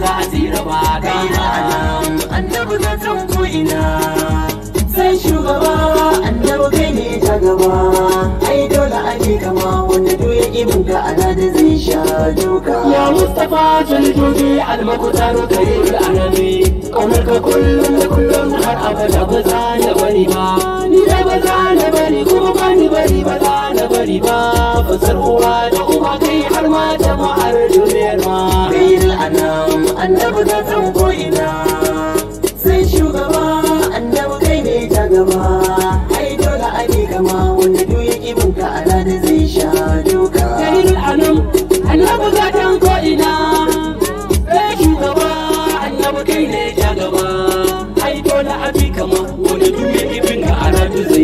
za a tsira ba kai na annabi na san ko ina sai shugaba annabu kai ne ta gaba ai dole ake kama wanda duk ya ki mun da ana da zai sha duka ya mustafa jaljoji almakutaru karir arabi kamar ka kullum da kullum har abada ba za na bari ba ni ba za na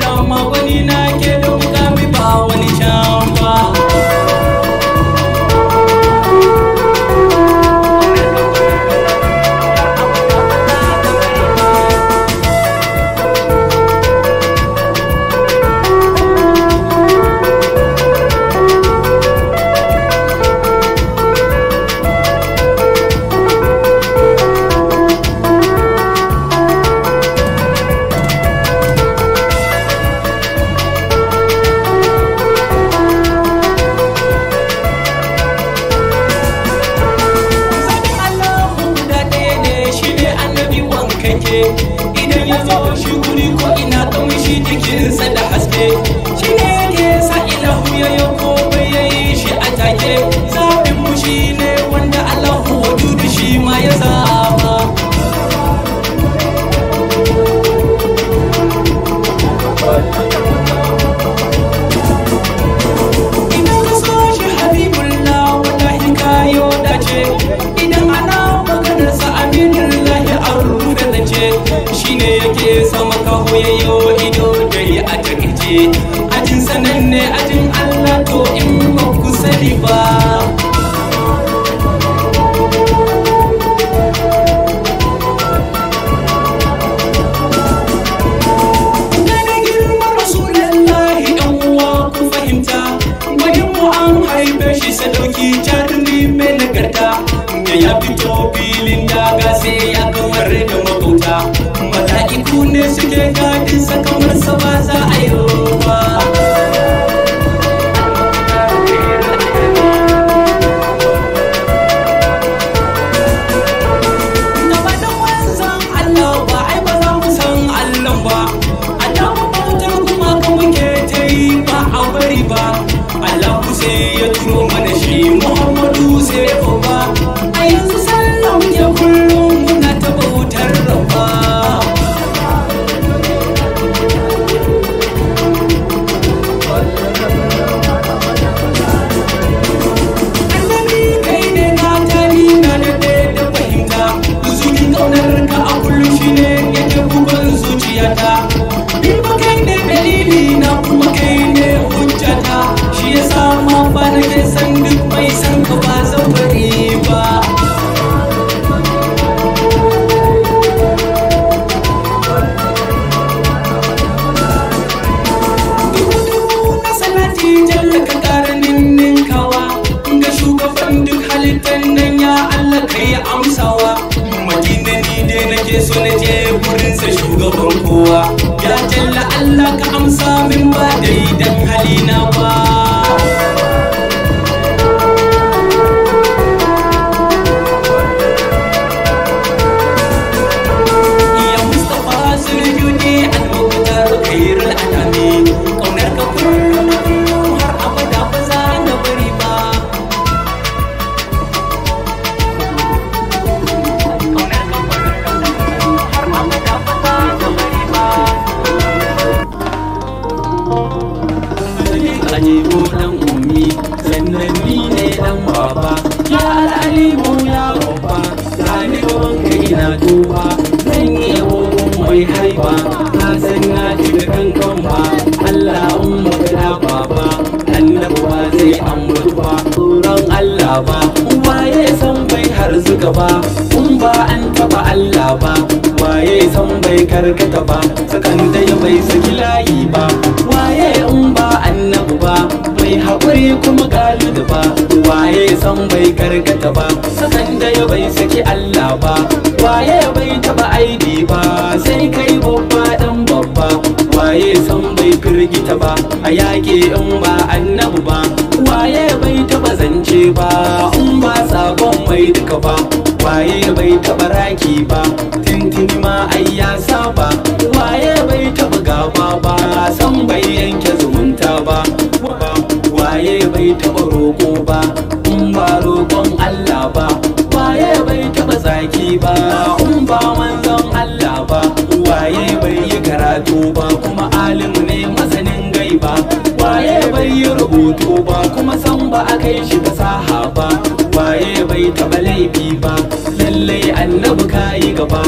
na my magwani na ke sama kaho ya yo ido dare a takaice ajin sananne ajin allah to in ba ku sani ba sadauki jarumi da ya fito filin sai je this. i masa not za a dai an mutu ba tsoron Allah ba waye san bai harzuka ba kun ba an taba Allah ba waye san bai karkata ba sakan dai bai saki layi ba waye in ba annabu ba mai haƙuri kuma galibi ba waye san bai karkata ba sakan dai bai saki Allah ba waye bai taba aidi ba sai kai babba dan babba waye san bai firgita ba a yaƙi in ba in ba sabon mai duka ba waye bai taba raki ba tintini ma ai ya saba waye bai taba gaba ba san bai yanke zumunta ba waye bai taba roko ba ba a kai shi da saha ba waye bai taba laifi ba lallai annabi kayi gaba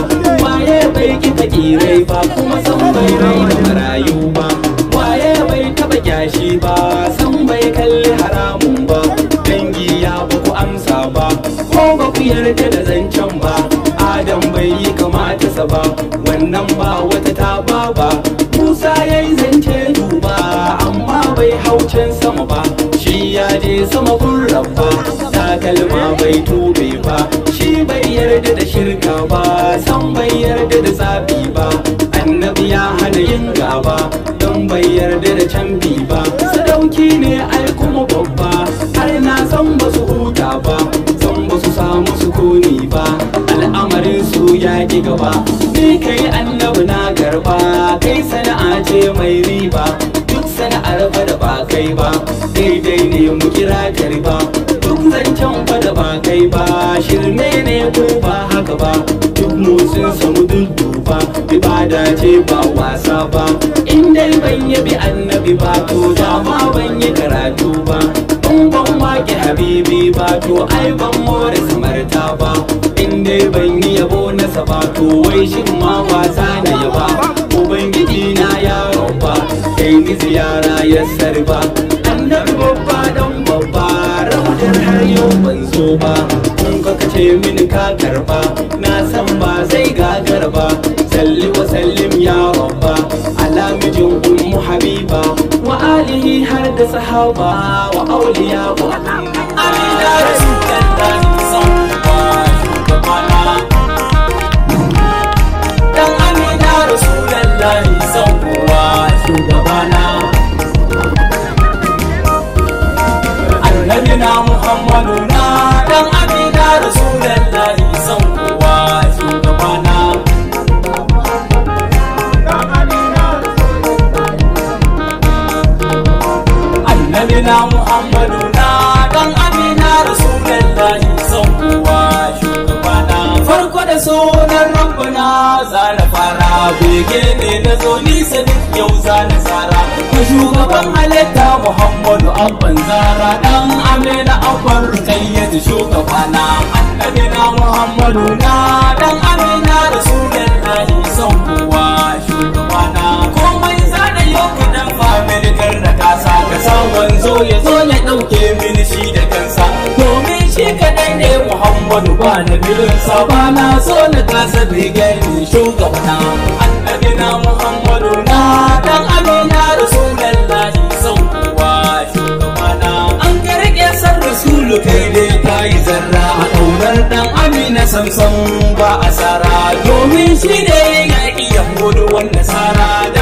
waye bai kita kirai ba kuma san bai rai da marayu ba waye bai taba kyashi ba san bai kalli haramun ba dangi ya ba ku amsa ba ko ba ku yarda da zancen ba adam bai yi kamata sa ba wannan ba je sama kun rabba takalma bai tube ba shi bai yarda da shirka ba san bai yarda da zafi ba annabi ya hana yin gaba don bai yarda da canfi ba sadauki ne ai kuma babba har na san ba su huta ba san ba su samu sukuni ba al'amarin su ya gaba ni kai annabi kai ba daidai ne mu kira ba duk zancen fada ba kai ba shirme ne ko ba haka ba duk mu sun samu dudduba ibada ce ba wasa ba in dai ban yabi annabi ba to dama ban yi karatu ba in ban wake habibi ba to ai ban more samarta ba in dai ban yi yabo na sabato wai shin ma wasa na ba mi ziyara ya sarba annabi babba dan babba raudar har yau ban zo ba kun ka ce mini ka karba na san ba zai gagar ba salli wa sallim ya rabba ala mijin ummu habiba wa alihi har da sahaba wa auliya wa amina rasulullah amina sayyidina muhammadun ga shugaban halitta muhammadu abban zara dan amina abban rukayyatu shugabana annabina muhammadu na dan amina rasulun lahi son kowa shugabana komai zana yau kadan famirkar da kasa ka sa wanzo ya zo ya dauke mini shi da kansa domin shi kaɗai ne muhammadu ba na biyun sa ba na so na kasa bai gani shugabana annabina muhammadu san ba asara domin shi ne ya iya hodo wannan sara